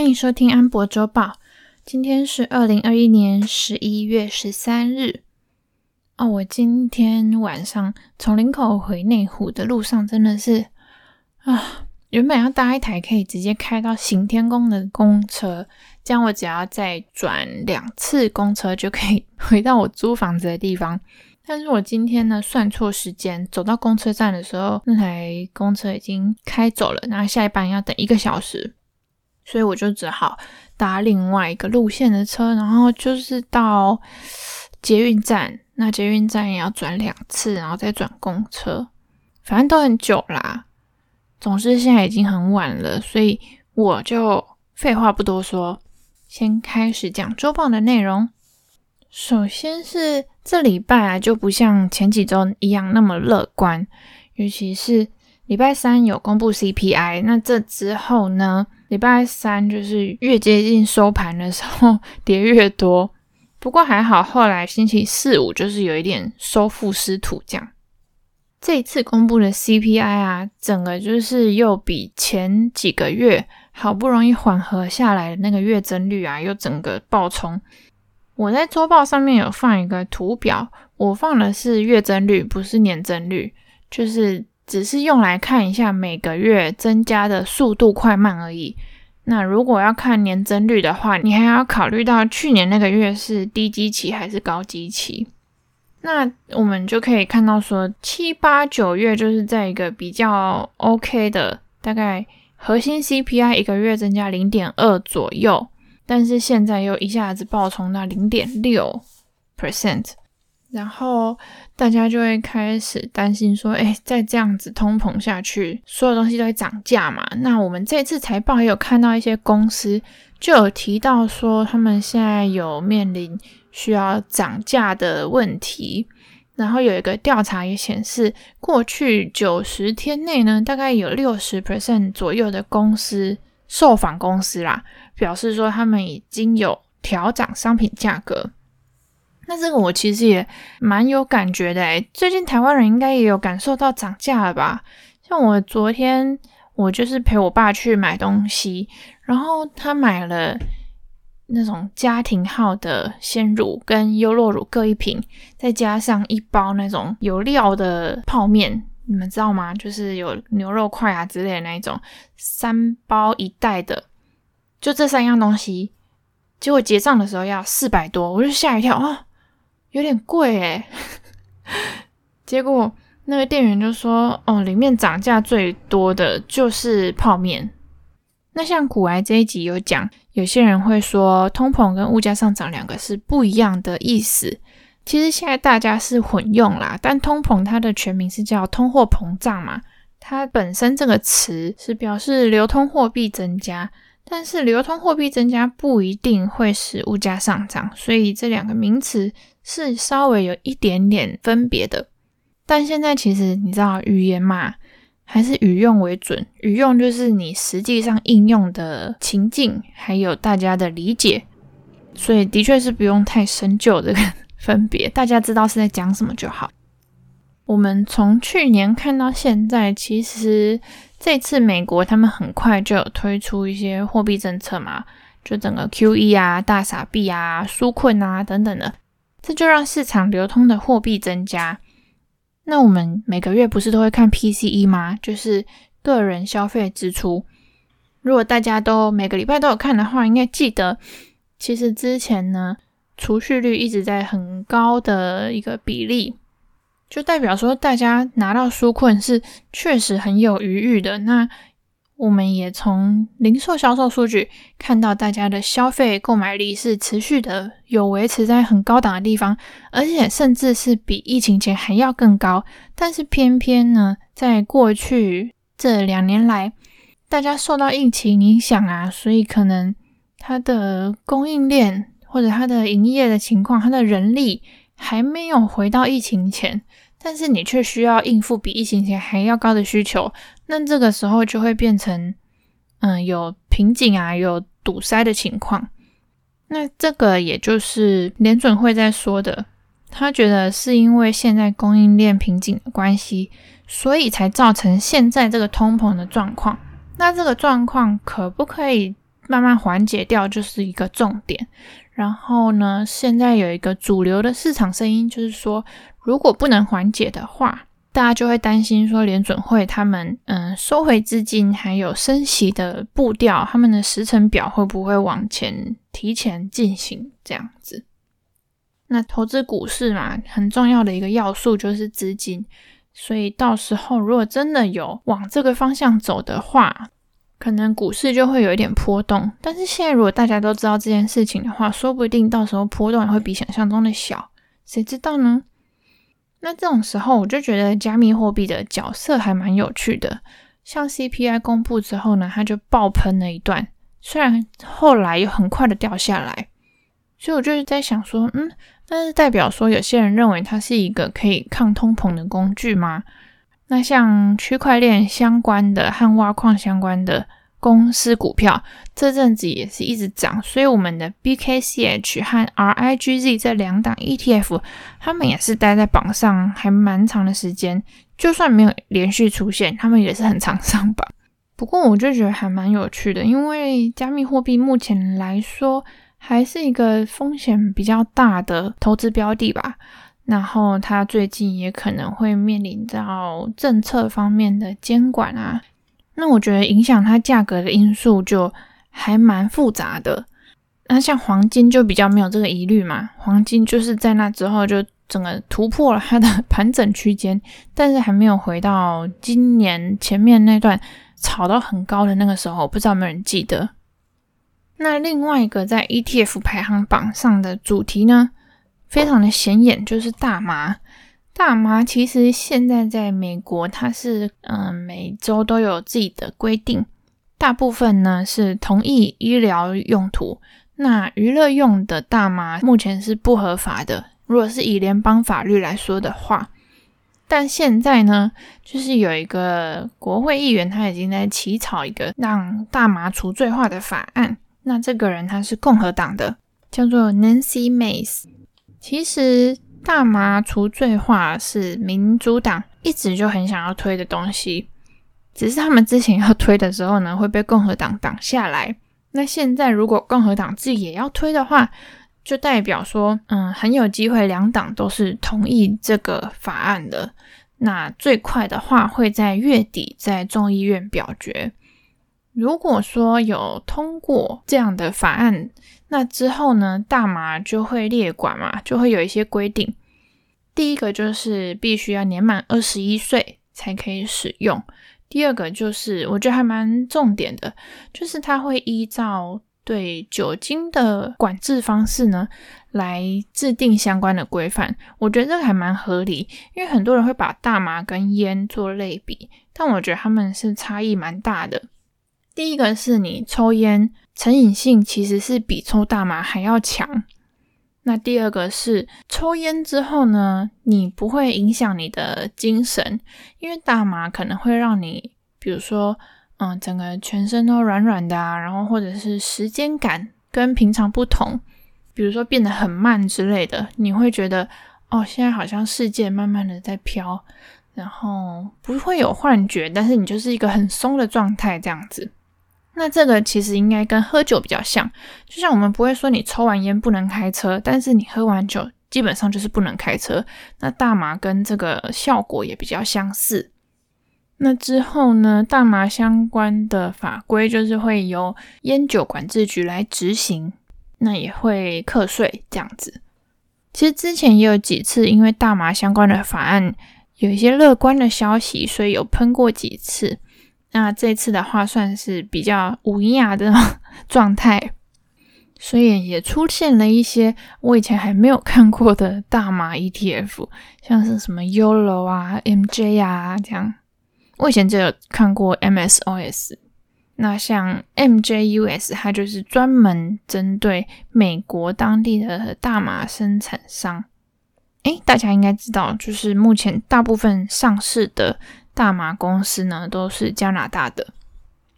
歡迎收聽安柏週報。今天是二零二一年十一月十三日。哦，我今天晚上從林口回內湖的路上真的是啊，原本要搭一台可以直接開到行天宮的公車，這樣我只要再轉兩次公車就可以回到我租房子的地方。但是我今天呢算錯時間，走到公車站的時候，那台公車已經開走了，然後下一班要等一個小時。所以我就只好搭另外一個路線的車，然後就是到捷運站。那捷運站也要轉兩次，然後再轉公車，反正都很久啦。總之現在已經很晚了，所以我就廢話不多說，先開始講周報的內容。首先是這禮拜啊，就不像前幾周一樣那麼樂觀，尤其是禮拜三有公布 CPI，那這之後呢？禮拜三就是越接近收盤的時候跌越多，不過還好後來星期四五就是有一點收復失土。這樣，這一次公布的 CPI 啊，整個就是又比前幾個月好不容易緩和下來的那個月增率啊，又整個爆衝。我在週報上面有放一個圖表，我放的是月增率，不是年增率，就是。只是用來看一下每個月增加的速度快慢而已。那如果要看年增率的話，你還要考慮到去年那個月是低基期還是高基期。那我們就可以看到說，七八九月就是在一個比較 OK 的，大概核心 CPI 一個月增加零點二左右，但是現在又一下子爆衝到零點六 percent。然後大家就會開始擔心說：“哎，再這樣子通膨下去，所有東西都會漲價嘛？”那我們這次財報也有看到一些公司就有提到說，他們現在有面臨需要漲價的問題。然後有一個調查也顯示，過去九十天內呢，大概有六十 percent 左右的公司，受訪公司啦，表示說他們已經有調漲商品價格。那這個我其實也蠻有感覺的、欸、最近台灣人應該也有感受到漲價了吧？像我昨天，我就是陪我爸去買東西，然後他買了那種家庭號的鮮乳跟優酪乳各一瓶，再加上一包那種有料的泡麵，你們知道嗎？就是有牛肉塊啊之類的那種，三包一袋的，就這三樣東西，結果結賬的時候要四百多，我就嚇一跳啊！有點貴誒。結果那個店員就說：“哦，裡面漲價最多的就是泡麵。”那像股癌這一集有講，有些人會說通膨跟物價上漲兩個是不一樣的意思。其實現在大家是混用啦，但通膨它的全名是叫通貨膨脹嘛，它本身這個詞是表示流通貨幣增加。但是流通貨幣增加不一定會使物價上漲，所以這兩個名詞是稍微有一點點分別的。但現在其實你知道語言嘛，還是語用為準，語用就是你實際上應用的情境，還有大家的理解，所以的確是不用太深究這個分別，大家知道是在講什麼就好。我們從去年看到現在，其實這次美國他們很快就有推出一些貨幣政策嘛，就整個 QE 啊、大撒幣啊、紓困啊等等的，這就讓市場流通的貨幣增加。那我們每個月不是都會看 PCE 嗎？就是個人消費支出。如果大家都每個禮拜都有看的話，應該記得，其實之前呢，儲蓄率一直在很高的一個比例。就代表說，大家拿到紓困是確實很有餘裕的。那我們也從零售銷售數據看到，大家的消費購買力是持續的有維持在很高檔的地方，而且甚至是比疫情前還要更高。但是偏偏呢，在過去這兩年來，大家受到疫情影響啊，所以可能它的供應鏈或者它的營業的情況，它的人力還沒有回到疫情前。但是你卻需要應付比疫情前還要高的需求，那這個時候就會變成，嗯，有瓶頸啊，有堵塞的情況。那這個也就是聯準會在說的，他覺得是因為現在供應鏈瓶頸的關係，所以才造成現在這個通膨的狀況。那這個狀況可不可以慢慢緩解掉，就是一個重點。然後呢，現在有一個主流的市場聲音，就是說，如果不能緩解的話，大家就會擔心說，聯準會他們嗯、呃、收回資金，還有升息的步調，他們的時程表會不會往前提前進行，這樣子。那投資股市嘛，很重要的一個要素就是資金，所以到時候如果真的有往這個方向走的話。可能股市就會有一點波動，但是現在如果大家都知道這件事情的話，說不定到時候波動也會比想象中的小，誰知道呢？那這種時候我就覺得加密貨幣的角色還蠻有趣的。像 CPI 公布之後呢，它就爆噴了一段，雖然後來又很快的掉下來，所以我就是在想說，嗯，那是代表說有些人認為它是一個可以抗通膨的工具嗎？那像區塊鏈相關的和挖礦相關的公司股票，這陣子也是一直漲，所以我們的 BKCH 和 RIGZ 這兩檔 ETF，他們也是待在榜上還蠻長的時間，就算沒有連續出現，他們也是很常上榜。不過我就覺得還蠻有趣的，因為加密貨幣目前來說還是一個風險比較大的投資標的吧。然後它最近也可能會面臨到政策方面的監管啊，那我覺得影響它價格的因素就還蠻複雜的。那像黃金就比較沒有這個疑慮嘛，黃金就是在那之後就整個突破了它的盤整區間，但是還沒有回到今年前面那段炒到很高的那個時候，不知道有沒有人記得。那另外一個在 ETF 排行榜上的主題呢，非常的顯眼，就是大麻。大麻其實現在在美國，它是嗯、呃、每州都有自己的規定，大部分呢是同意醫療用途。那娛樂用的大麻目前是不合法的，如果是以聯邦法律來說的話，但現在呢，就是有一個國會議員，他已經在起草一個讓大麻除罪化的法案。那這個人他是共和黨的，叫做 Nancy Mace。其實，大麻除罪化是民主黨一直就很想要推的東西。只是他們之前要推的時候呢，會被共和黨擋下來。那現在如果共和黨自己也要推的話，就代表說，嗯，很有機會兩黨都是同意這個法案的。那最快的話會在月底在眾議院表決。如果說有通過這樣的法案，那之後呢，大麻就會列管嘛，就會有一些規定。第一個就是必須要年滿二十一歲才可以使用。第二個就是我覺得還蠻重點的，就是它會依照對酒精的管製方式呢來制定相關的規範。我覺得這個還蠻合理，因為很多人會把大麻跟煙做類比，但我覺得它們是差異蠻大的。第一個是你抽煙。成癮性其實是比抽大麻還要強。那第二個是抽煙之後呢，你不會影響你的精神，因為大麻可能會讓你，比如說，嗯，整個全身都軟軟的啊，然後或者是時間感跟平常不同，比如說變得很慢之類的，你會覺得哦，現在好像世界慢慢的在飄，然後不會有幻覺，但是你就是一個很鬆的狀態這樣子。那這個其實應該跟喝酒比較像，就像我們不會說你抽完煙不能開車，但是你喝完酒基本上就是不能開車。那大麻跟這個效果也比較相似。那之後呢，大麻相關的法規就是會由菸酒管制局來執行，那也會課稅這樣子。其實之前也有幾次因為大麻相關的法案有一些樂觀的消息，所以有噴過幾次。那這次的話算是比較無亞的狀態，所以也出現了一些我以前還沒有看過的大麻 ETF，像是什麼 YOLO 啊、MJ 啊這樣。我以前只有看過 MSOS，那像 MJUS 它就是專門針對美國當地的大麻生產商。哎，大家應該知道，就是目前大部分上市的。大麻公司呢，都是加拿大的，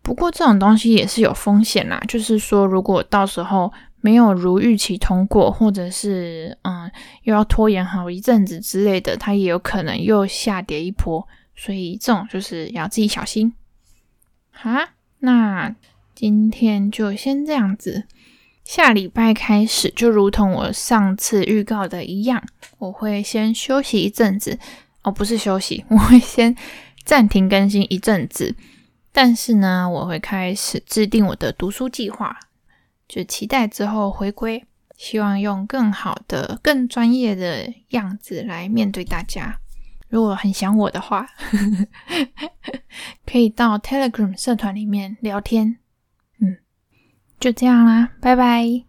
不過這種東西也是有風險啦。就是說，如果到時候沒有如預期通過，或者是嗯又要拖延好一陣子之類的，它也有可能又下跌一波。所以這種就是要自己小心。好，那今天就先這樣子。下禮拜開始，就如同我上次預告的一樣，我會先休息一陣子。哦，不是休息，我會先。暫停更新一陣子，但是呢，我會開始制定我的讀書計劃，就期待之後回歸，希望用更好的、更專業的樣子來面對大家。如果很想我的話，呵呵可以到 Telegram 社團裡面聊天。嗯，就這樣啦，拜拜。